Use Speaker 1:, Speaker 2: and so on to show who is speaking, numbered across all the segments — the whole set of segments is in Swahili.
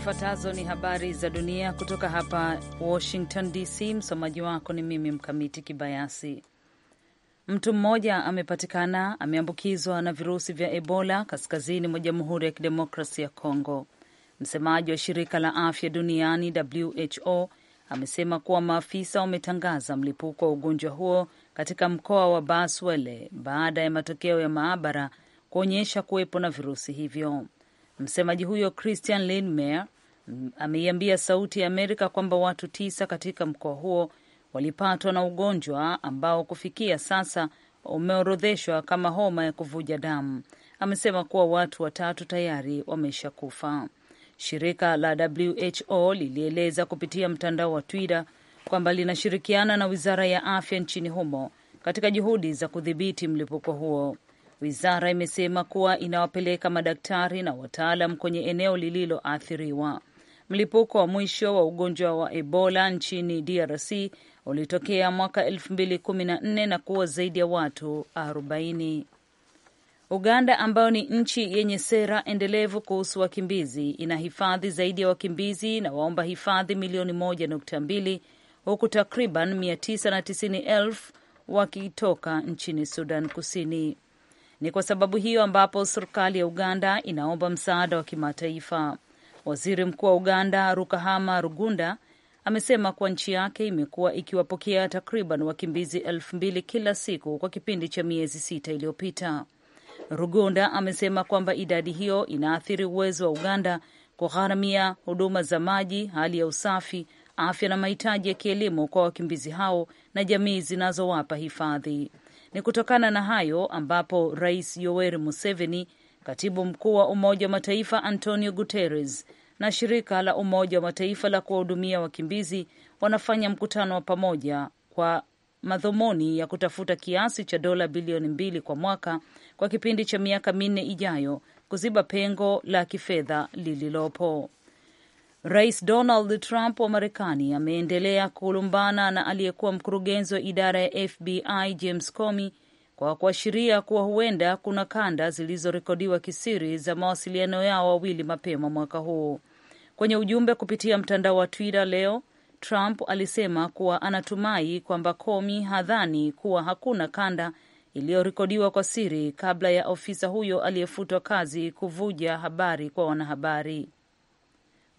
Speaker 1: Zifuatazo ni habari za dunia kutoka hapa Washington DC. Msomaji wako ni mimi Mkamiti Kibayasi. Mtu mmoja amepatikana ameambukizwa na virusi vya Ebola kaskazini mwa Jamhuri ya Kidemokrasi ya Kongo. Msemaji wa shirika la afya duniani WHO amesema kuwa maafisa wametangaza mlipuko wa ugonjwa huo katika mkoa wa Baswele baada ya matokeo ya maabara kuonyesha kuwepo na virusi hivyo. Msemaji huyo Christian Lindmeier ameiambia Sauti ya Amerika kwamba watu tisa katika mkoa huo walipatwa na ugonjwa ambao kufikia sasa umeorodheshwa kama homa ya kuvuja damu. Amesema kuwa watu watatu tayari wameshakufa. Shirika la WHO lilieleza kupitia mtandao wa Twitter kwamba linashirikiana na wizara ya afya nchini humo katika juhudi za kudhibiti mlipuko huo. Wizara imesema kuwa inawapeleka madaktari na wataalam kwenye eneo lililoathiriwa. Mlipuko wa mwisho wa ugonjwa wa Ebola nchini DRC ulitokea mwaka 2014 na kuwa zaidi ya watu 40. Uganda ambayo ni nchi yenye sera endelevu kuhusu wakimbizi ina hifadhi zaidi ya wakimbizi na waomba hifadhi milioni 1.2 huku takriban 990,000 wakitoka nchini Sudan Kusini. Ni kwa sababu hiyo ambapo serikali ya Uganda inaomba msaada wa kimataifa. Waziri Mkuu wa Uganda Rukahama Rugunda amesema kuwa nchi yake imekuwa ikiwapokea takriban wakimbizi elfu mbili kila siku kwa kipindi cha miezi sita iliyopita. Rugunda amesema kwamba idadi hiyo inaathiri uwezo wa Uganda kugharamia huduma za maji, hali ya usafi, afya na mahitaji ya kielimu kwa wakimbizi hao na jamii zinazowapa hifadhi. Ni kutokana na hayo ambapo Rais Yoweri Museveni, katibu mkuu wa Umoja wa Mataifa Antonio Guterres na shirika la Umoja wa Mataifa la kuwahudumia wakimbizi wanafanya mkutano wa pamoja kwa madhumuni ya kutafuta kiasi cha dola bilioni mbili kwa mwaka kwa kipindi cha miaka minne ijayo kuziba pengo la kifedha lililopo. Rais Donald Trump wa Marekani ameendelea kulumbana na aliyekuwa mkurugenzi wa idara ya FBI James Comey kwa kuashiria kuwa huenda kuna kanda zilizorekodiwa kisiri za mawasiliano yao wawili mapema mwaka huu. Kwenye ujumbe kupitia mtandao wa Twitter leo, Trump alisema kuwa anatumai kwamba Comey hadhani kuwa hakuna kanda iliyorekodiwa kwa siri kabla ya ofisa huyo aliyefutwa kazi kuvuja habari kwa wanahabari.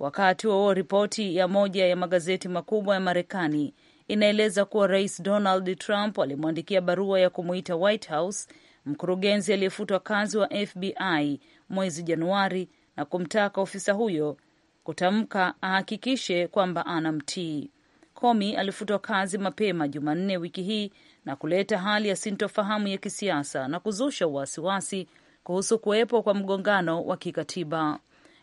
Speaker 1: Wakati huo ripoti ya moja ya magazeti makubwa ya Marekani inaeleza kuwa rais Donald Trump alimwandikia barua ya kumuita White House mkurugenzi aliyefutwa kazi wa FBI mwezi Januari na kumtaka ofisa huyo kutamka ahakikishe kwamba anamtii. Comey alifutwa kazi mapema Jumanne wiki hii na kuleta hali ya sintofahamu ya kisiasa na kuzusha wasiwasi kuhusu kuwepo kwa mgongano wa kikatiba.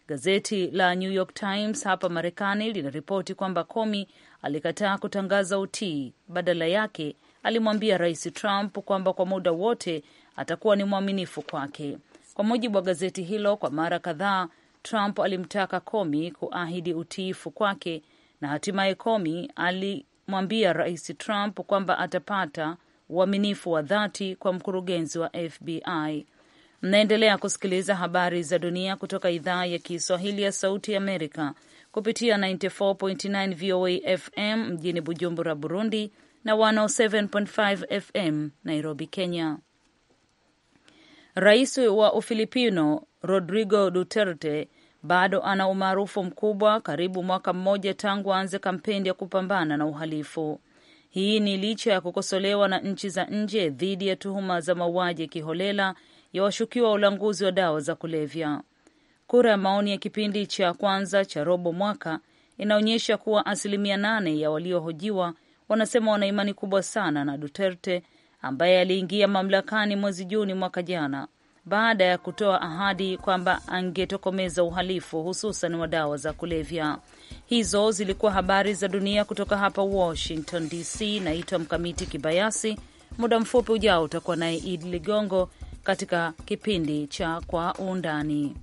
Speaker 1: Gazeti la New York Times hapa Marekani linaripoti kwamba Comey alikataa kutangaza utii. Badala yake alimwambia Rais Trump kwamba kwa muda wote atakuwa ni mwaminifu kwake. Kwa mujibu wa gazeti hilo, kwa mara kadhaa Trump alimtaka Comey kuahidi utiifu kwake, na hatimaye Comey alimwambia Rais Trump kwamba atapata uaminifu wa dhati kwa mkurugenzi wa FBI. Mnaendelea kusikiliza habari za dunia kutoka idhaa ya Kiswahili ya Sauti Amerika kupitia 94.9 VOA FM mjini Bujumbura, Burundi na 107.5 FM Nairobi, Kenya. Rais wa Ufilipino Rodrigo Duterte bado ana umaarufu mkubwa, karibu mwaka mmoja tangu aanze kampeni ya kupambana na uhalifu. Hii ni licha ya kukosolewa na nchi za nje dhidi ya tuhuma za mauaji ya kiholela ya washukiwa wa ulanguzi wa dawa za kulevya. Kura ya maoni ya kipindi cha kwanza cha robo mwaka inaonyesha kuwa asilimia nane ya waliohojiwa wanasema wana imani kubwa sana na Duterte ambaye aliingia mamlakani mwezi Juni mwaka jana baada ya kutoa ahadi kwamba angetokomeza uhalifu hususan wa dawa za kulevya. Hizo zilikuwa habari za dunia kutoka hapa Washington DC. Naitwa Mkamiti Kibayasi. Muda mfupi ujao utakuwa naye Idi Ligongo katika kipindi cha Kwa Undani.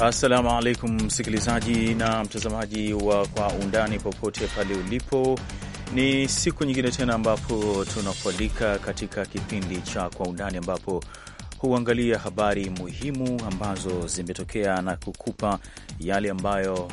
Speaker 2: Assalamu alaikum msikilizaji na mtazamaji wa Kwa Undani popote pale ulipo. Ni siku nyingine tena ambapo tunakualika katika kipindi cha Kwa Undani, ambapo huangalia habari muhimu ambazo zimetokea na kukupa yale ambayo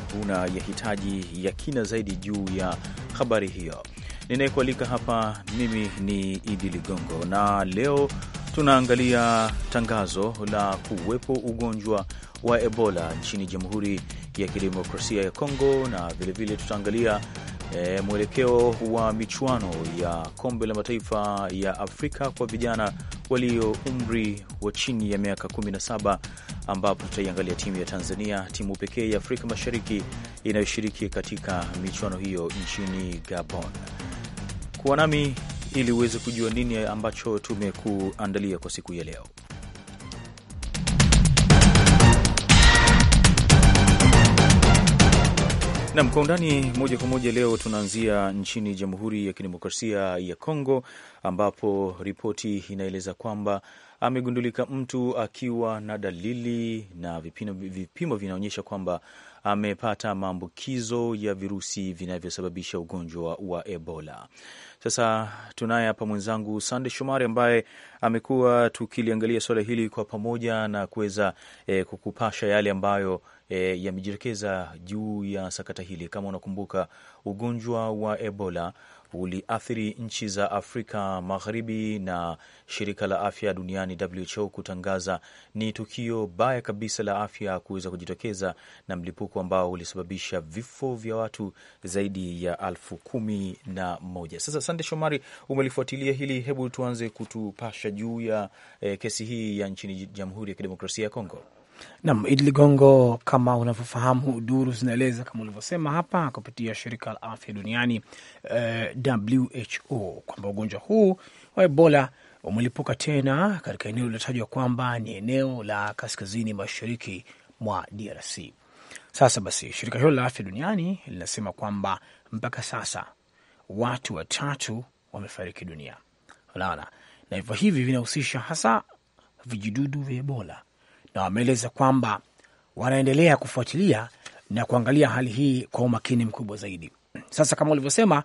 Speaker 2: hitaji ya kina zaidi juu ya habari hiyo. Ninayekualika hapa mimi ni Idi Ligongo, na leo tunaangalia tangazo la kuwepo ugonjwa wa Ebola nchini Jamhuri ya Kidemokrasia ya Kongo, na vilevile tutaangalia e, mwelekeo wa michuano ya kombe la mataifa ya Afrika kwa vijana walio umri wa chini ya miaka 17 ambapo tutaiangalia timu ya Tanzania, timu pekee ya Afrika Mashariki inayoshiriki katika michuano hiyo nchini Gabon. Kuwa nami ili uweze kujua nini ambacho tumekuandalia kwa siku ya leo. Nam kwa undani moja kwa moja leo tunaanzia nchini Jamhuri ya Kidemokrasia ya Kongo, ambapo ripoti inaeleza kwamba amegundulika mtu akiwa na dalili na vipimo, vipimo vinaonyesha kwamba amepata maambukizo ya virusi vinavyosababisha ugonjwa wa Ebola. Sasa tunaye hapa mwenzangu Sande Shomari ambaye amekuwa tukiliangalia suala hili kwa pamoja na kuweza e, kukupasha yale ambayo e, yamejitokeza juu ya sakata hili. Kama unakumbuka ugonjwa wa Ebola uliathiri nchi za Afrika Magharibi na shirika la afya duniani WHO kutangaza ni tukio baya kabisa la afya kuweza kujitokeza na mlipuko ambao ulisababisha vifo vya watu zaidi ya elfu kumi na moja. Sasa Sande Shomari, umelifuatilia hili, hebu tuanze kutupasha juu ya eh, kesi hii ya nchini Jamhuri ya Kidemokrasia ya Kongo.
Speaker 3: Nam Idi Ligongo, kama unavyofahamu, duru zinaeleza kama ulivyosema hapa kupitia shirika la afya duniani eh, WHO kwamba ugonjwa huu wa Ebola umelipuka tena katika eneo lilotajwa kwamba ni eneo la kaskazini mashariki mwa DRC. Sasa basi, shirika hilo la afya duniani linasema kwamba mpaka sasa watu watatu wamefariki dunia, unaona, na hivyo hivi vinahusisha hasa vijidudu vya Ebola na wameeleza kwamba wanaendelea kufuatilia na kuangalia hali hii kwa umakini mkubwa zaidi. Sasa kama ulivyosema,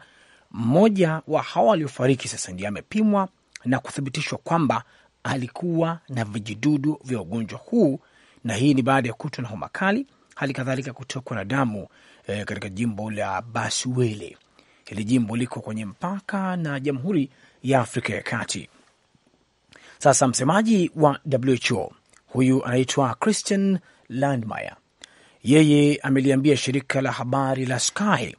Speaker 3: mmoja wa hawa waliofariki sasa ndiye amepimwa na kuthibitishwa kwamba alikuwa na vijidudu vya ugonjwa huu, na hii ni baada ya kutwa na homa kali, hali kadhalika kutokwa na damu e, katika jimbo la Basuele. Hili jimbo liko kwenye mpaka na Jamhuri ya Afrika ya Kati. Sasa msemaji wa WHO Huyu anaitwa Christian Landmeyer. Yeye ameliambia shirika la habari la Sky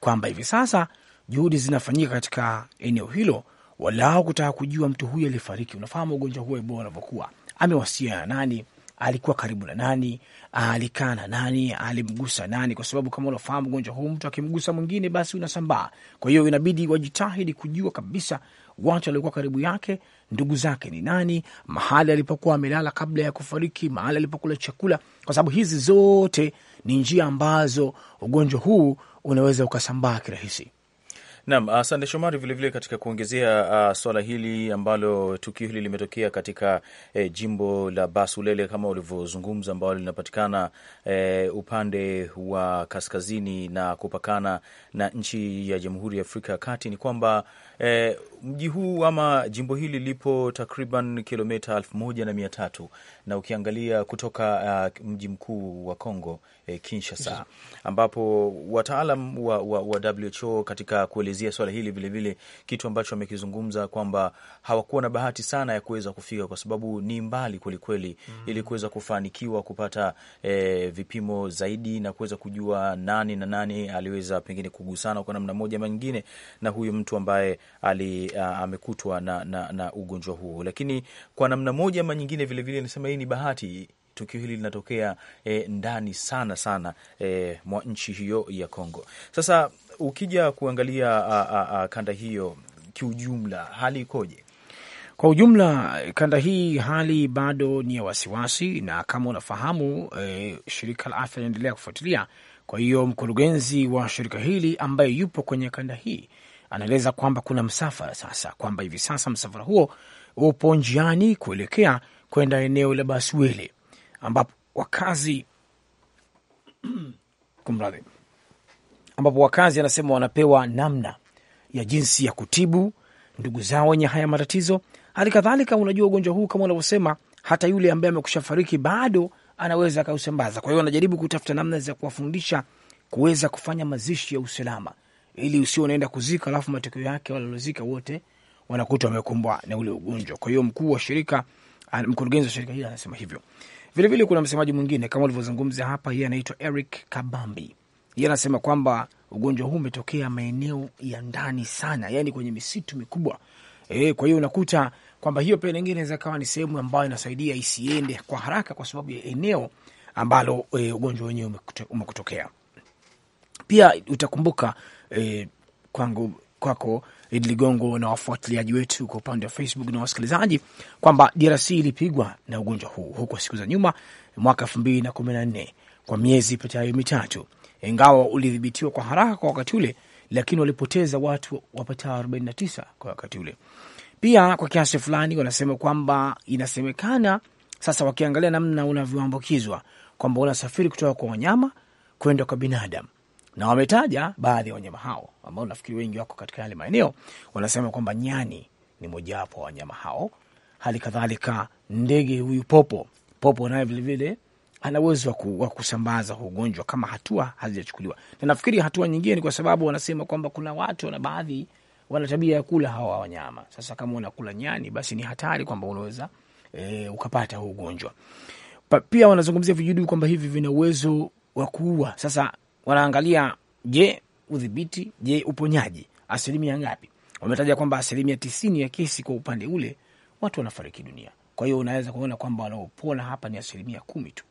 Speaker 3: kwamba hivi sasa juhudi zinafanyika katika eneo hilo walau kutaka kujua mtu huyu alifariki. Unafahamu ugonjwa huo Ebola unavyokuwa, amewasiliana na nani, alikuwa karibu na nani, alikaa na nani, alimgusa nani, kwa sababu kama unafahamu ugonjwa huu, mtu akimgusa mwingine basi unasambaa. Kwa hiyo inabidi wajitahidi kujua kabisa watu waliokuwa karibu yake, ndugu zake ni nani, mahali alipokuwa amelala kabla ya kufariki, mahali alipokula chakula, kwa sababu hizi zote ni njia ambazo ugonjwa huu unaweza ukasambaa kirahisi.
Speaker 2: Naam, asante uh, Shomari. Vilevile katika kuongezea uh, swala hili ambalo tukio hili limetokea katika eh, jimbo la Basulele kama ulivyozungumza, ambalo linapatikana eh, upande wa kaskazini na kupakana na nchi ya Jamhuri ya Afrika ya Kati, ni kwamba Eh, mji huu ama jimbo hili lipo takriban kilomita elfu moja na mia tatu na ukiangalia kutoka uh, mji mkuu wa congo eh, Kinshasa, ambapo wataalam wa, wa, wa WHO katika kuelezea swala hili vilevile, kitu ambacho wamekizungumza kwamba hawakuwa na bahati sana ya kuweza kufika kwa sababu ni mbali kwelikweli, mm -hmm. ili kuweza kufanikiwa kupata eh, vipimo zaidi na kuweza kujua nani na nani aliweza pengine kugusana kwa namna moja ama nyingine na huyu mtu ambaye ali uh, amekutwa na, na, na ugonjwa huo, lakini kwa namna moja ama nyingine vilevile nasema hii ni bahati tukio hili linatokea e, ndani sana sana e, mwa nchi hiyo ya Kongo. Sasa ukija kuangalia a, a, a, kanda hiyo kiujumla, hali ikoje?
Speaker 3: Kwa ujumla kanda hii hali bado ni ya wasiwasi, na kama unafahamu e, shirika la afya linaendelea kufuatilia. Kwa hiyo mkurugenzi wa shirika hili ambaye yupo kwenye kanda hii anaeleza kwamba kuna msafara sasa, kwamba hivi sasa msafara huo upo njiani kuelekea kwenda eneo la Baswele ambapo wakazi kumradhi, ambapo wakazi anasema wanapewa namna ya jinsi ya kutibu ndugu zao wenye haya matatizo. Hali kadhalika, unajua ugonjwa huu kama unavyosema, hata yule ambaye amekusha fariki bado anaweza akausambaza. Kwa hiyo wanajaribu kutafuta namna za kuwafundisha kuweza kufanya mazishi ya usalama, ili usio unaenda kuzika, alafu matokeo yake walilozika wote wanakuta wamekumbwa na ule ugonjwa. Kwa hiyo mkuu wa shirika, mkurugenzi wa shirika hili anasema hivyo. Vile vile kuna msemaji mwingine kama ulivyozungumza hapa, yeye anaitwa Eric Kabambi. Yeye anasema kwamba ugonjwa huu umetokea maeneo ya ndani sana, yani kwenye misitu mikubwa e. Kwa hiyo unakuta kwamba hiyo pia nyingine inaweza kawa ni sehemu ambayo inasaidia isiende kwa haraka, kwa sababu ya eneo ambalo e, ugonjwa wenyewe umekutokea. Pia utakumbuka eh, kwangu kwako Idi Ligongo na wafuatiliaji wetu kwa upande wa Facebook na wasikilizaji kwamba DRC ilipigwa na ugonjwa huu huko siku za nyuma, mwaka elfu mbili na kumi na nne kwa miezi ipatayo mitatu, ingawa ulidhibitiwa kwa haraka kwa wakati ule, lakini walipoteza watu wapatao tisa kwa wakati ule. Pia kwa kiasi fulani wanasema kwamba inasemekana sasa, wakiangalia namna unavyoambukizwa, kwamba unasafiri kutoka kwa wanyama kwenda kwa binadamu na wametaja baadhi ya wanyama hao ambao nafikiri wengi wako katika yale maeneo. Wanasema kwamba nyani ni mojawapo wa wanyama hao, hali kadhalika ndege huyu popo. Popo naye vilevile ana uwezo wa kusambaza ugonjwa kama hatua hazijachukuliwa, na nafikiri hatua nyingine ni kwa sababu wanasema kwamba kuna watu na baadhi wana tabia ya kula hawa wanyama. Sasa kama unakula nyani, basi ni hatari kwamba unaweza e, ukapata huu ugonjwa. Pia wanazungumzia vijidudu kwamba hivi vina uwezo wa kuua. Sasa wanaangalia, je, udhibiti, je, uponyaji asilimia ngapi? Wametaja kwamba asilimia tisini ya kesi kwa upande ule watu wanafariki dunia. Kwa hiyo unaweza kuona kwamba wanaopona hapa ni asilimia kumi tu.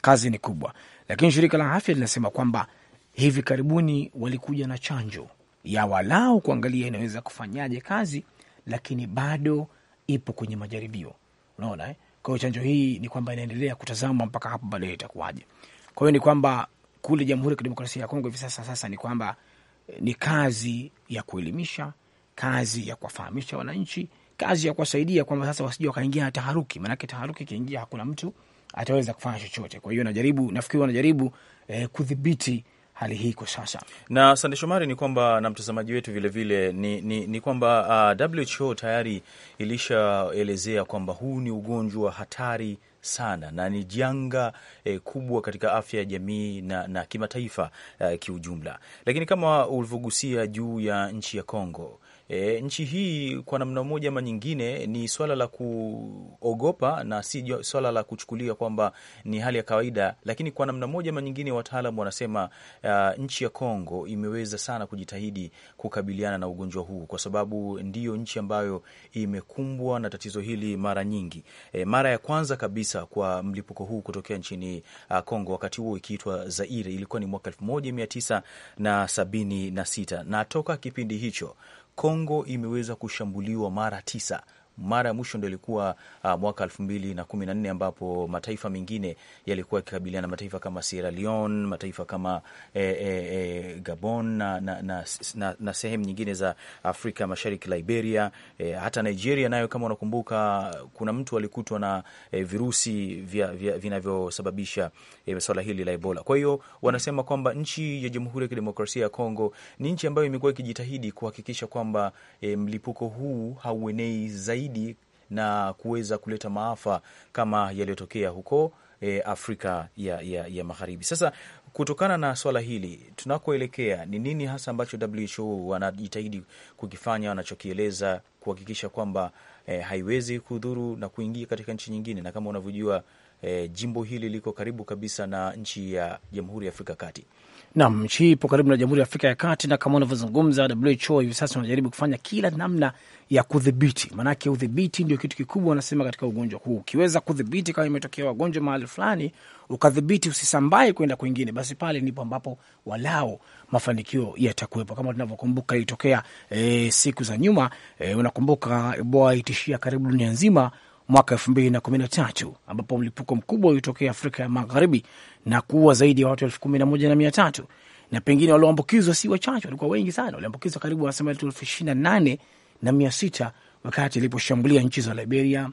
Speaker 3: Kazi ni kubwa, lakini shirika la afya linasema kwamba hivi karibuni walikuja na chanjo ya walau kuangalia inaweza kufanyaje kazi, lakini bado ipo kwenye majaribio. Unaona eh? Kwa hiyo chanjo hii ni kwamba inaendelea kutazamwa mpaka hapo baadaye itakuwaje. Kwa hiyo ni kwamba kule Jamhuri ya Kidemokrasia ya Kongo hivi sasa sasa ni kwamba eh, ni kazi ya kuelimisha, kazi ya kuwafahamisha wananchi, kazi ya kuwasaidia kwamba sasa wasije wakaingia na taharuki, maanake taharuki ikiingia hakuna mtu ataweza kufanya chochote. Kwa hiyo najaribu, nafikiri wanajaribu eh, kudhibiti hali hii kwa sasa.
Speaker 2: Na Sande Shomari, ni kwamba na mtazamaji wetu vilevile vile, ni, ni, ni kwamba uh, ah, WHO tayari ilishaelezea kwamba huu ni ugonjwa hatari sana na ni janga eh, kubwa katika afya ya jamii na, na kimataifa eh, kiujumla. Lakini kama ulivyogusia juu ya nchi ya Kongo e, nchi hii kwa namna moja ama nyingine ni swala la kuogopa na si swala la kuchukulia kwamba ni hali ya kawaida, lakini kwa namna moja ama nyingine wataalam wanasema uh, nchi ya Kongo imeweza sana kujitahidi kukabiliana na ugonjwa huu kwa sababu ndiyo nchi ambayo imekumbwa na tatizo hili mara nyingi. E, mara ya kwanza kabisa kwa mlipuko huu kutokea nchini uh, Kongo, wakati huo ikiitwa Zaire, ilikuwa ni mwaka elfu moja mia tisa na sabini na sita na toka kipindi hicho Kongo imeweza kushambuliwa mara tisa mara ya mwisho ndo ilikuwa uh, mwaka elfu mbili na kumi na nne ambapo mataifa mengine yalikuwa yakikabiliana, mataifa kama Sierra Leone, mataifa kama eh, eh, eh, Gabon na, na, na, na, na sehemu nyingine za Afrika Mashariki, Liberia, eh, hata Nigeria nayo kama unakumbuka, kuna mtu alikutwa na eh, virusi vinavyosababisha eh, swala hili la Ebola. Kwa hiyo wanasema kwamba nchi ya Jamhuri ya Kidemokrasia ya Kongo ni nchi ambayo imekuwa ikijitahidi kuhakikisha kwamba eh, mlipuko huu hauenei zaidi zaidi na kuweza kuleta maafa kama yaliyotokea huko e, Afrika ya, ya, ya Magharibi. Sasa kutokana na swala hili tunakoelekea, ni nini hasa ambacho WHO wanajitahidi kukifanya, wanachokieleza kuhakikisha kwamba e, haiwezi kudhuru na kuingia katika nchi nyingine? Na kama unavyojua e, jimbo hili liko karibu kabisa na nchi ya Jamhuri ya Afrika Kati.
Speaker 3: Nam, nchi hii ipo karibu na Jamhuri ya Afrika ya Kati, na kama unavyozungumza, WHO hivi sasa wanajaribu kufanya kila namna ya kudhibiti, maanake udhibiti ndio kitu kikubwa wanasema katika ugonjwa huu. Ukiweza kudhibiti, kama imetokea wagonjwa mahali fulani, ukadhibiti usisambae kwenda kwingine, basi pale ndipo ambapo walao mafanikio yatakuwepo. Kama tunavyokumbuka ilitokea e, siku za nyuma e, unakumbuka Ebola itishia karibu dunia nzima mwaka elfu mbili na kumi na tatu ambapo mlipuko mkubwa ulitokea Afrika ya Magharibi na kuwa zaidi ya watu elfu kumi na moja na mia tatu na pengine walioambukizwa si wachache, walikuwa wengi sana, waliambukizwa karibu wanasema elfu ishirini na nane na mia sita wakati iliposhambulia nchi za Liberia,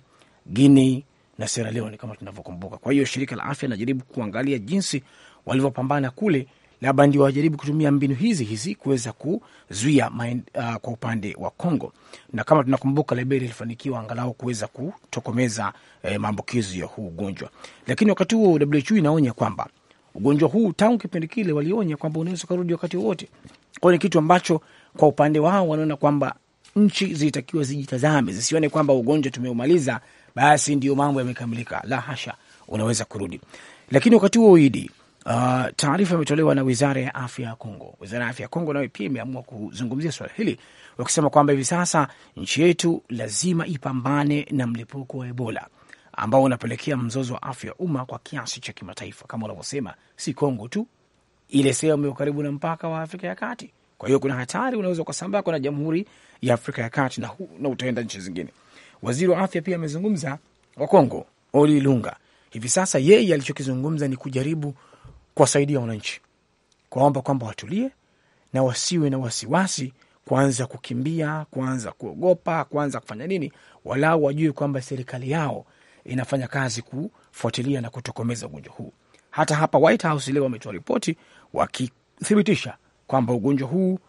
Speaker 3: Guinea na Sierra Leone kama tunavyokumbuka. Kwa hiyo shirika la afya linajaribu kuangalia jinsi walivyopambana kule labda ndio wajaribu kutumia mbinu hizi hizi kuweza kuzuia uh, kwa upande wa Kongo. Na kama tunakumbuka, Liberia ilifanikiwa angalau kuweza kutokomeza eh, maambukizi ya huu ugonjwa, lakini wakati huo WHO inaonya kwamba ugonjwa huu tangu kipindi kile walionya kwamba unaweza ukarudi wakati wowote. Kwao ni kitu ambacho kwa upande wao wanaona kwamba nchi zilitakiwa zijitazame, zisione kwamba ugonjwa tumeumaliza, basi ndio mambo yamekamilika. La hasha, unaweza kurudi. Lakini wakati huo idi Uh, taarifa imetolewa na wizara ya afya ya Kongo. Wizara ya afya ya Kongo nayo pia imeamua kuzungumzia swala hili wakisema kwamba hivi sasa nchi yetu lazima ipambane na mlipuko wa Ebola ambao unapelekea mzozo wa afya ya umma kwa kiasi cha kimataifa. Kama unavyosema, si Kongo tu, ile sehemu karibu na mpaka wa Afrika ya Kati. Kwa hiyo kuna hatari, unaweza ukasambaa kwenda Jamhuri ya Afrika ya Kati na, na utaenda nchi zingine. Waziri wa afya pia amezungumza wa Kongo, Oli Lunga. Hivi sasa yeye alichokizungumza ni kujaribu kuwasaidia wananchi, kuwaomba kwamba watulie na wasiwe na wasiwasi kuanza kukimbia, kuanza kuogopa, kuanza kufanya nini. Walau wajue kwamba serikali yao inafanya kazi kufuatilia na kutokomeza ugonjwa huu. Hata hapa White House leo wametoa ripoti wakithibitisha kwamba ugonjwa huu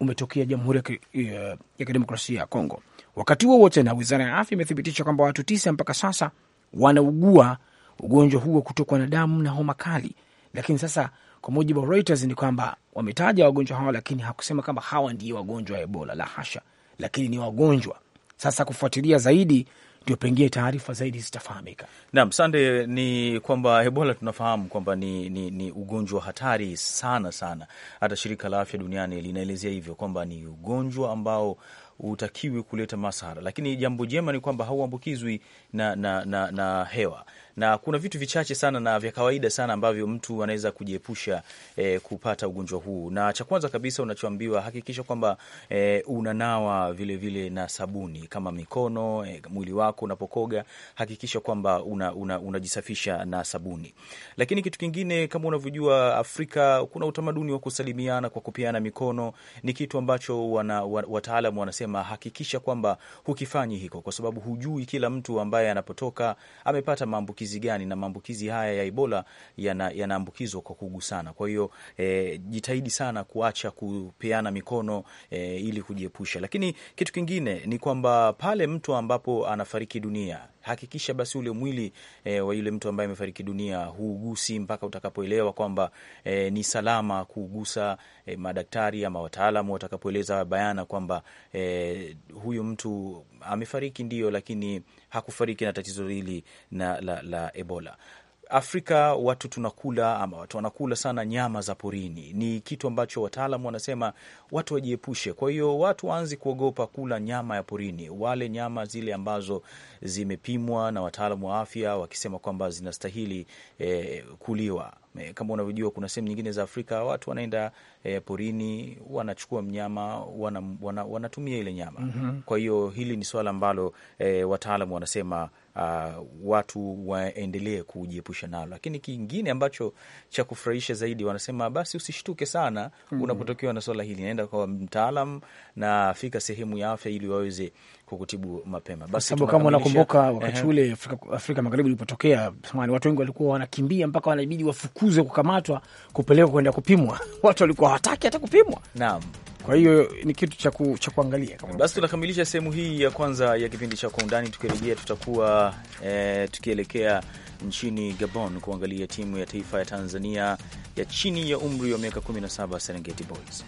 Speaker 3: umetokea Jamhuri ya Kidemokrasia ya Kongo. Wakati huo wote, na wizara ya afya imethibitisha kwamba watu tisa mpaka sasa wanaugua ugonjwa huo, kutokwa na damu na homa kali, lakini sasa kwa mujibu wa Reuters ni kwamba wametaja wagonjwa hawa, lakini hakusema kwamba hawa ndio wagonjwa wa Ebola, la hasha, lakini ni wagonjwa. Sasa kufuatilia zaidi ndio pengine taarifa zaidi zitafahamika.
Speaker 2: Naam, sande. Ni kwamba Ebola tunafahamu kwamba ni, ni, ni ugonjwa hatari sana sana. Hata shirika la afya duniani linaelezea hivyo kwamba ni ugonjwa ambao utakiwi kuleta masara, lakini jambo jema ni kwamba hauambukizwi na, na, na, na hewa na kuna vitu vichache sana na vya kawaida sana ambavyo mtu anaweza kujiepusha eh, kupata ugonjwa huu. Na cha kwanza kabisa unachoambiwa, hakikisha kwamba eh, unanawa vilevile vile na sabuni kama mikono eh, mwili wako unapokoga, hakikisha kwamba unajisafisha una, una na sabuni. Lakini kitu kingine kama unavyojua, Afrika kuna utamaduni wa kusalimiana kwa kupeana mikono, ni kitu ambacho wana, wataalamu wanasema hakikisha kwamba hukifanyi hiko, kwa sababu hujui kila mtu ambaye anapotoka amepata maambukizi maambukizi gani, na maambukizi haya ya Ebola yanaambukizwa yana kwa kugusana. Kwa hiyo e, jitahidi sana kuacha kupeana mikono e, ili kujiepusha. Lakini kitu kingine ni kwamba pale mtu ambapo anafariki dunia hakikisha basi ule mwili e, wa yule mtu ambaye amefariki dunia huugusi mpaka utakapoelewa kwamba e, ni salama kuugusa. E, madaktari ama wataalamu watakapoeleza bayana kwamba e, huyu mtu amefariki ndio, lakini hakufariki na tatizo hili na la, la Ebola. Afrika watu tunakula ama watu wanakula sana nyama za porini. Ni kitu ambacho wataalam wanasema watu wajiepushe. Kwa hiyo watu waanze kuogopa kula nyama ya porini, wale nyama zile ambazo zimepimwa na wataalamu wa afya wakisema kwamba zinastahili eh, kuliwa. Eh, kama unavyojua kuna sehemu nyingine za Afrika watu wanaenda e, porini wanachukua mnyama wana, wana, wanatumia ile nyama mm -hmm. Kwa hiyo hili ni suala ambalo e, eh, wataalam wanasema uh, watu waendelee kujiepusha nalo. Lakini kingine ambacho cha kufurahisha zaidi, wanasema basi usishtuke sana mm unapotokewa na swala hili, naenda kwa mtaalam na fika sehemu ya afya ili waweze kukutibu mapema. Basi kama unakumbuka wakati ule
Speaker 3: Afrika, Afrika Magharibi ulipotokea watu wengi walikuwa wanakimbia mpaka wanabidi wafukuzwe, kukamatwa, kupelekwa kwenda kupimwa. Watu walikuwa hawataki hata kupimwa. Naam. Kwa hiyo ni kitu cha cha kuangalia.
Speaker 2: Basi tunakamilisha sehemu hii ya kwanza ya kipindi cha Kwa Undani. Tukirejea tutakuwa e, tukielekea nchini Gabon kuangalia timu ya taifa ya Tanzania ya chini ya umri wa miaka 17 Serengeti Boys.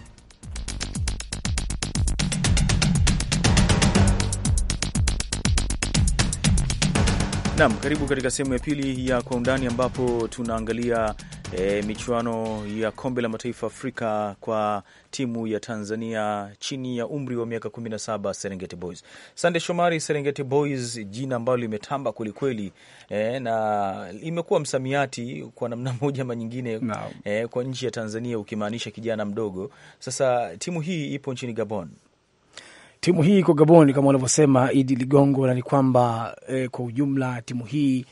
Speaker 2: Naam, karibu katika sehemu ya pili ya Kwa Undani ambapo tunaangalia E, michuano ya kombe la mataifa Afrika kwa timu ya Tanzania chini ya umri wa miaka 17 Serengeti Boys. Sande Shomari, Serengeti Boys jina ambalo limetamba kwelikweli, e, na imekuwa msamiati kwa namna moja ama nyingine no. E, kwa nchi ya Tanzania ukimaanisha kijana mdogo. Sasa timu hii ipo nchini Gabon.
Speaker 3: Timu hii iko Gabon kama unavyosema Idi Ligongo, na ni kwamba
Speaker 2: e, kwa ujumla timu
Speaker 3: hii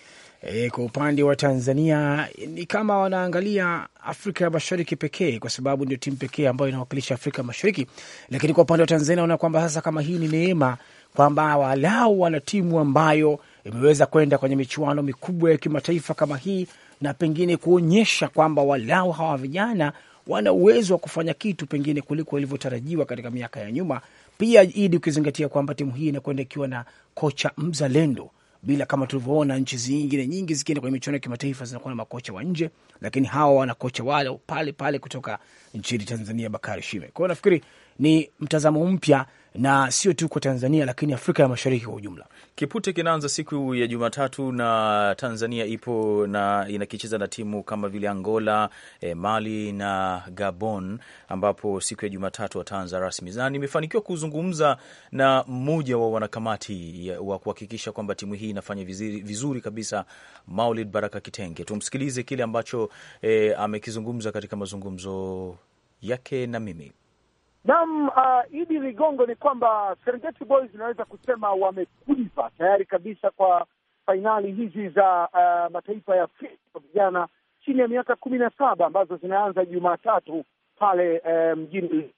Speaker 3: E, kwa upande wa Tanzania ni kama wanaangalia Afrika ya Mashariki pekee kwa sababu ndio timu pekee ambayo inawakilisha Afrika Mashariki, lakini kwa upande wa Tanzania naona kwamba sasa kama hii ni neema kwamba walau wana timu ambayo imeweza kwenda kwenye michuano mikubwa ya kimataifa kama hii, na pengine kuonyesha kwamba walau hawa vijana wana uwezo wa kufanya kitu pengine kuliko ilivyotarajiwa katika miaka ya nyuma. Pia Idi, ukizingatia kwamba timu hii inakwenda ikiwa na kocha mzalendo bila kama tulivyoona nchi zingine nyingi zikienda kwenye michuano ya kimataifa zinakuwa na makocha wa nje, lakini hawa wana kocha wale pale pale kutoka nchini Tanzania, Bakari Shime. Kwa hiyo nafikiri ni mtazamo mpya na sio tu kwa Tanzania lakini Afrika ya Mashariki kwa ujumla.
Speaker 2: Kipute kinaanza siku ya Jumatatu na Tanzania ipo na inakicheza na timu kama vile Angola, e, Mali na Gabon, ambapo siku ya Jumatatu wataanza rasmi, na nimefanikiwa kuzungumza na mmoja wa wanakamati wa kuhakikisha kwamba timu hii inafanya vizuri, vizuri kabisa, Maulid Baraka Kitenge. Tumsikilize kile ambacho e, amekizungumza katika mazungumzo yake na mimi.
Speaker 4: Naam, uh, Idi Ligongo, ni kwamba Serengeti Boys inaweza kusema wamekuiva tayari kabisa kwa fainali hizi za uh, mataifa ya Afrika kwa vijana chini ya miaka kumi na saba ambazo zinaanza Jumatatu pale uh, mjini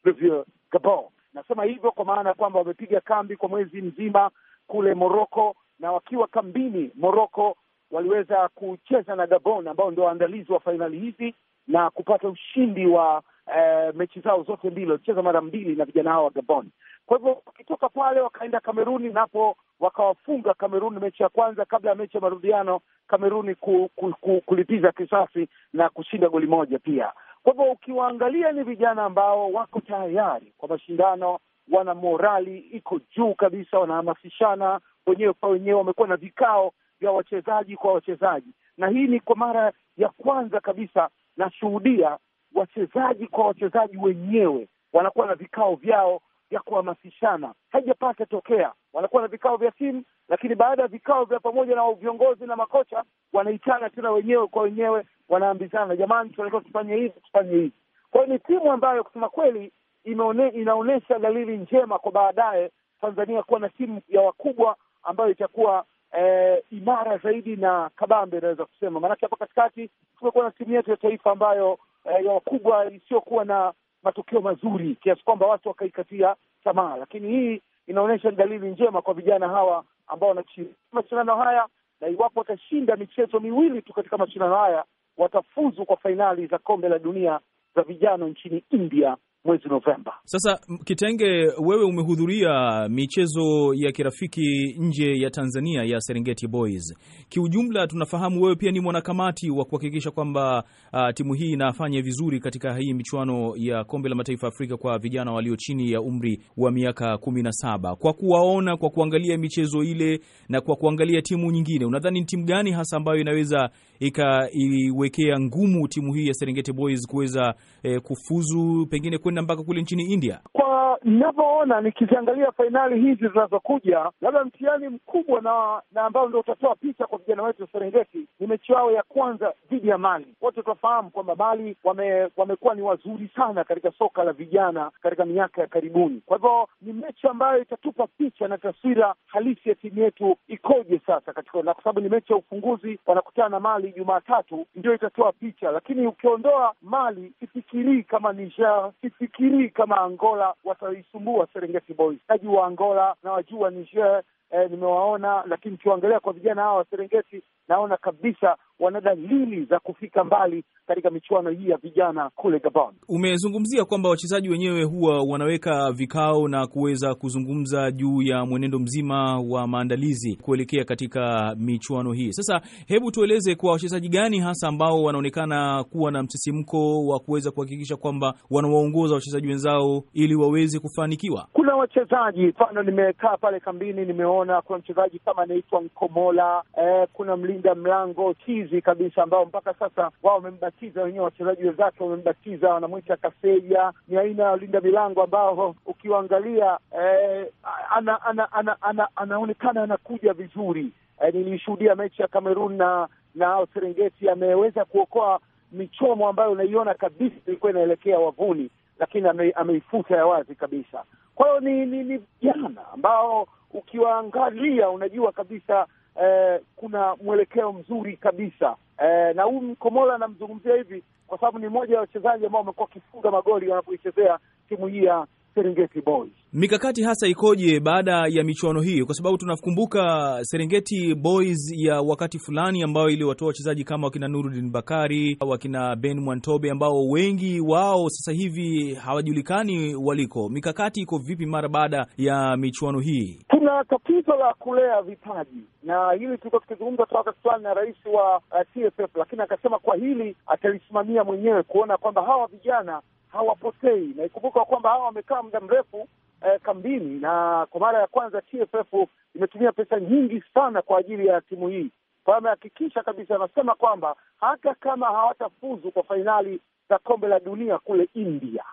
Speaker 4: Gabon. Nasema hivyo kwa maana ya kwamba wamepiga kambi kwa mwezi mzima kule Moroko, na wakiwa kambini Moroko waliweza kucheza na Gabon ambao ndio waandalizi wa fainali hizi na kupata ushindi wa eh, mechi zao zote mbili walicheza mara mbili na vijana hao wa Gabon. Kwa hivyo wakitoka pale wakaenda Kameruni, napo wakawafunga Kameruni mechi ya kwanza kabla ya mechi ya marudiano Kameruni ku, ku, ku, kulipiza kisasi na kushinda goli moja pia. Kwa hivyo ukiwaangalia ni vijana ambao wako tayari kwa mashindano, wana morali iko juu kabisa, wanahamasishana wenyewe kwa wenyewe, wamekuwa na vikao vya wachezaji kwa wachezaji, na hii ni kwa mara ya kwanza kabisa nashuhudia wachezaji kwa wachezaji wenyewe wanakuwa na vikao vyao vya kuhamasishana. Haijapata tokea, wanakuwa na vikao vya timu, lakini baada ya vikao vya pamoja na viongozi na makocha wanaitana tena wenyewe kwa wenyewe, wanaambizana, jamani, tunatakiwa tufanye hivi, tufanye hivi. Kwa hiyo ni timu ambayo kusema kweli imeone, inaonyesha dalili njema kwa baadaye Tanzania kuwa na timu ya wakubwa ambayo itakuwa E, imara zaidi na kabambe, inaweza kusema maanake, hapa katikati tumekuwa na timu yetu ya taifa ambayo eh, wakubwa isiyokuwa na matokeo mazuri kiasi kwamba watu wakaikatia tamaa, lakini hii inaonyesha ni dalili njema kwa vijana hawa ambao wanashiriki mashindano haya, na iwapo watashinda michezo miwili tu katika mashindano haya watafuzu kwa fainali za kombe la dunia za vijana nchini India mwezi Novemba.
Speaker 2: Sasa Kitenge, wewe umehudhuria michezo ya kirafiki nje ya Tanzania ya Serengeti Boys. Kiujumla tunafahamu wewe pia ni mwanakamati wa kuhakikisha kwamba uh, timu hii inafanya vizuri katika hii michuano ya Kombe la Mataifa ya Afrika kwa vijana walio chini ya umri wa miaka kumi na saba. Kwa kuwaona, kwa kuangalia michezo ile na kwa kuangalia timu nyingine, unadhani ni timu gani hasa ambayo inaweza ikaiwekea ngumu timu hii ya Serengeti Boys kuweza eh, kufuzu pengine kwenda mpaka kule nchini India.
Speaker 4: Kwa ninavyoona nikiziangalia fainali hizi zinazokuja, labda mtihani mkubwa na na ambao ndio utatoa picha kwa vijana wetu wa Serengeti ni mechi yao ya kwanza dhidi ya Mali. Wote tunafahamu kwamba Mali wame, wamekuwa ni wazuri sana katika soka la vijana katika miaka ya karibuni. Kwa hivyo ni mechi ambayo itatupa picha na taswira halisi ya timu yetu ikoje sasa katika, na kwa sababu ni mechi ya ufunguzi, wanakutana na Mali Mali Jumatatu ndio itatoa picha, lakini ukiondoa Mali sifikirii kama Niger, sifikirii kama Angola wataisumbua Serengeti Boys. Najua Angola, nawajua Niger, eh, nimewaona, lakini ukiangalia kwa vijana hawa wa Serengeti naona kabisa wana dalili za kufika mbali katika michuano hii ya vijana kule Gabon.
Speaker 2: Umezungumzia kwamba wachezaji wenyewe huwa wanaweka vikao na kuweza kuzungumza juu ya mwenendo mzima wa maandalizi kuelekea katika michuano hii. Sasa hebu tueleze kwa wachezaji gani hasa ambao wanaonekana kuwa na msisimko wa kuweza kuhakikisha kwamba wanawaongoza wachezaji wenzao ili waweze kufanikiwa.
Speaker 4: Kuna wachezaji mfano, nimekaa pale kambini, nimeona kuna mchezaji kama anaitwa Nkomola, eh, kuna mlinda mlango chizi kabisa, ambao mpaka sasa wao wamembatiza wenyewe, wachezaji wenzake wamembatiza, wanamwita Kaseja. Ni aina ya linda milango ambao ukiwaangalia, eh, ana, ana, ana, ana, anaonekana anakuja vizuri. Eh, nilishuhudia mechi ya Kamerun na na Serengeti, ameweza kuokoa michomo ambayo unaiona kabisa ilikuwa inaelekea wavuni, lakini ame, ameifuta ya wazi kabisa. Kwa hiyo ni vijana ni, ni ambao ukiwaangalia unajua kabisa eh, kuna mwelekeo mzuri kabisa eh, na huyu Mkomola anamzungumzia hivi kwa sababu ni mmoja ya wachezaji ambao wamekuwa wakifunga magoli wanapoichezea timu hii ya Serengeti Boys.
Speaker 2: Mikakati hasa ikoje baada ya michuano hii? Kwa sababu tunakumbuka Serengeti Boys ya wakati fulani ambayo iliwatoa wachezaji kama wakina Nuruddin Bakari, wakina Ben Mwantobe ambao wengi wao sasa hivi hawajulikani waliko. Mikakati iko vipi mara baada ya michuano hii?
Speaker 4: Kuna tatizo la kulea vipaji, na hili tulikuwa tukizungumza kwa wakati fulani na rais wa uh, TFF, lakini akasema kwa hili atalisimamia mwenyewe kuona kwamba hawa vijana hawapotei, na ikumbuka kwamba hawa wamekaa muda mrefu eh, kambini, na kwa mara ya kwanza TFF imetumia pesa nyingi sana kwa ajili ya timu hii. Kwa hiyo amehakikisha kabisa, anasema kwamba hata kama hawatafuzu kwa fainali za kombe la dunia kule India,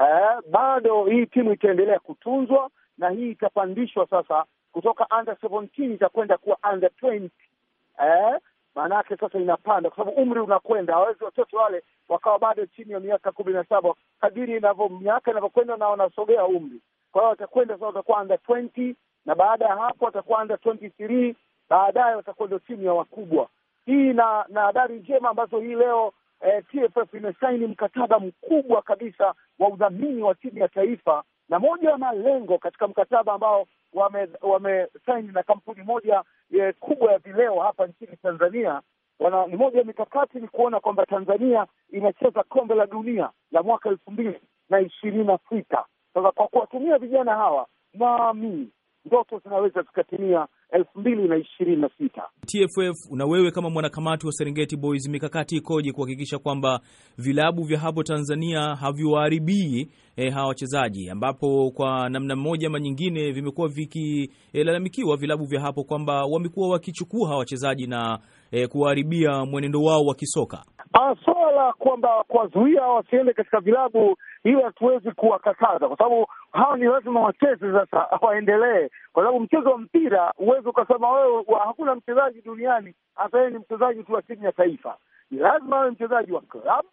Speaker 4: eh, bado hii timu itaendelea kutunzwa na hii itapandishwa sasa kutoka under 17 itakwenda kuwa under 20 eh, maana yake sasa inapanda kwa sababu umri unakwenda. awawezi watoto wale wakawa bado chini ya miaka kumi na saba, kadiri inavyo miaka inavyokwenda na wanasogea umri. Kwa hiyo watakwenda sasa, watakuwa anda 20 na baada ya hapo watakuwa anda 23, baadaye watakwenda chini timu ya wakubwa. Hii na na habari njema ambazo hii leo eh, TFF imesaini mkataba mkubwa kabisa wa udhamini wa timu ya taifa na moja ya malengo katika mkataba ambao wamesaini na kampuni moja e, kubwa ya vileo hapa nchini Tanzania wana, ni moja ya mikakati ni kuona kwamba Tanzania inacheza kombe la dunia la mwaka elfu mbili na ishirini na sita. Sasa kwa kuwatumia vijana hawa, naamini ndoto zinaweza zikatimia elfu mbili na ishirini na sita.
Speaker 2: TFF na wewe kama mwanakamati wa Serengeti Boys, mikakati ikoje kuhakikisha kwamba vilabu vya hapo Tanzania haviwaharibii e, hawa wachezaji, ambapo kwa namna moja ama nyingine vimekuwa vikilalamikiwa e, vilabu vya hapo kwamba wamekuwa wakichukua hawa wachezaji na e, kuwaharibia mwenendo wao wa kisoka.
Speaker 4: Ah, swala la kwamba kuwazuia wasiende katika vilabu, ili hatuwezi kuwakataza kwa sababu hawa ni lazima wacheze, sasa waendelee, kwa sababu mchezo wa mpira huwezi ukasema wewe, hakuna mchezaji duniani ambaye ni mchezaji tu wa timu ya taifa, ni lazima awe mchezaji wa klabu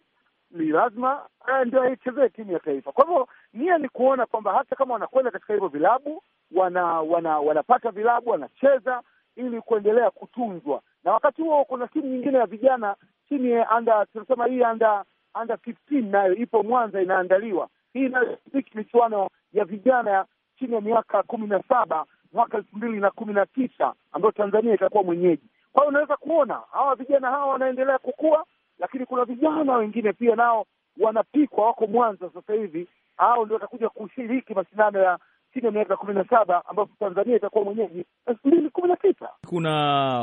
Speaker 4: ni lazima ndio aichezee timu ya taifa. Kwa hivyo nia ni kuona kwamba hata kama wanakwenda katika hivyo vilabu wana, wana wanapata vilabu wanacheza ili kuendelea kutunzwa, na wakati huo kuna timu nyingine ya vijana chini ya anda, tunasema hii anda anda 15 nayo ipo Mwanza inaandaliwa, hii inayoshiriki michuano ya vijana chini ya miaka kumi na saba mwaka elfu mbili na kumi na tisa ambayo Tanzania itakuwa mwenyeji. Kwa hiyo unaweza kuona hawa vijana hawa wanaendelea kukua lakini kuna vijana wengine pia nao wanapikwa, wako Mwanza sasa hivi, hao ndio watakuja kushiriki mashindano ya chini ya miaka kumi na saba ambapo Tanzania itakuwa mwenyeji elfu mbili kumi
Speaker 2: na sita. Kuna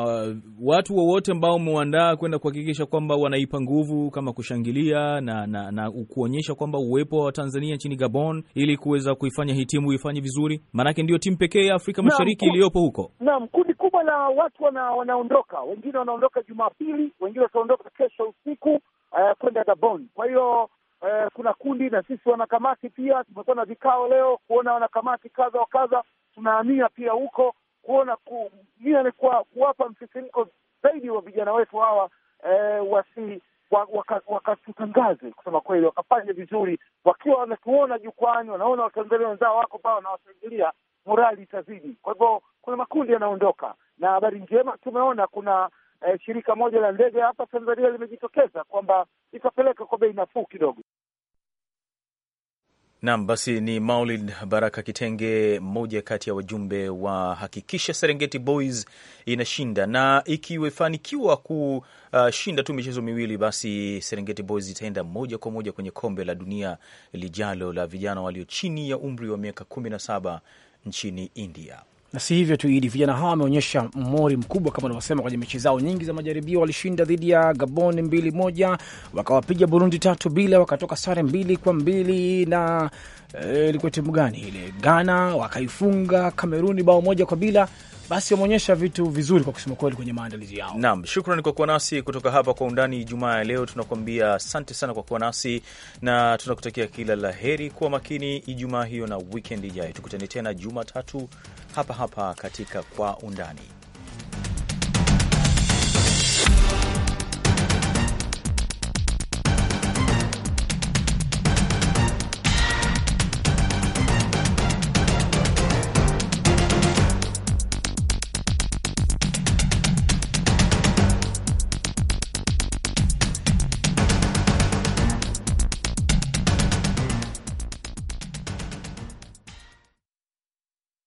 Speaker 2: uh, watu wowote ambao umewandaa kwenda kuhakikisha kwamba wanaipa nguvu kama kushangilia na na, na kuonyesha kwamba uwepo wa Tanzania nchini Gabon ili kuweza kuifanya hii timu ifanye vizuri, maanake ndiyo timu pekee ya Afrika Mashariki iliyopo huko.
Speaker 4: Naam, kundi kubwa la watu wana, wanaondoka, wengine wanaondoka Jumapili, wengine wataondoka kesho usiku uh, kwenda Gabon. Kwa hiyo eh, kuna kundi na sisi wanakamati pia tumekuwa na vikao leo kuona wanakamati kadha wa kadha, tunahamia pia huko kuona ku, nia ni kuwapa msisimko zaidi wa vijana wetu hawa eh, wasi wakatutangaze waka kusema kweli, wakafanye vizuri, wakiwa wanatuona jukwani, wanaona Watanzania wenzao wako pa wanawashangilia, morali itazidi. Kwa hivyo kuna makundi yanaondoka, na habari njema tumeona kuna eh, shirika moja la ndege hapa Tanzania limejitokeza kwamba itapeleka kwa bei nafuu kidogo.
Speaker 2: Naam, basi ni Maulid Baraka Kitenge, mmoja kati ya wajumbe wa Hakikisha Serengeti Boys inashinda, na ikiwefanikiwa kushinda tu michezo miwili, basi Serengeti Boys itaenda moja kwa moja kwenye kombe la dunia lijalo la vijana walio chini ya umri wa miaka kumi na saba nchini India.
Speaker 3: Na si hivyo tu, Idi, vijana hawa wameonyesha mori mkubwa kama unavyosema, kwenye mechi zao nyingi za majaribio. Walishinda dhidi ya Gabon mbili moja, wakawapiga Burundi tatu bila, wakatoka sare mbili kwa mbili na eh, ilikuwa e, timu gani ile? Ghana wakaifunga Kameruni bao moja kwa bila basi wameonyesha vitu vizuri kwa kusema kweli kwenye maandalizi
Speaker 2: yao. Naam, shukrani kwa kuwa nasi kutoka hapa kwa undani Ijumaa ya leo. Tunakuambia asante sana kwa kuwa nasi na tunakutakia kila la heri. Kuwa makini Ijumaa hiyo na wikendi ijayo. Tukutane tena Jumatatu hapa hapa katika kwa undani.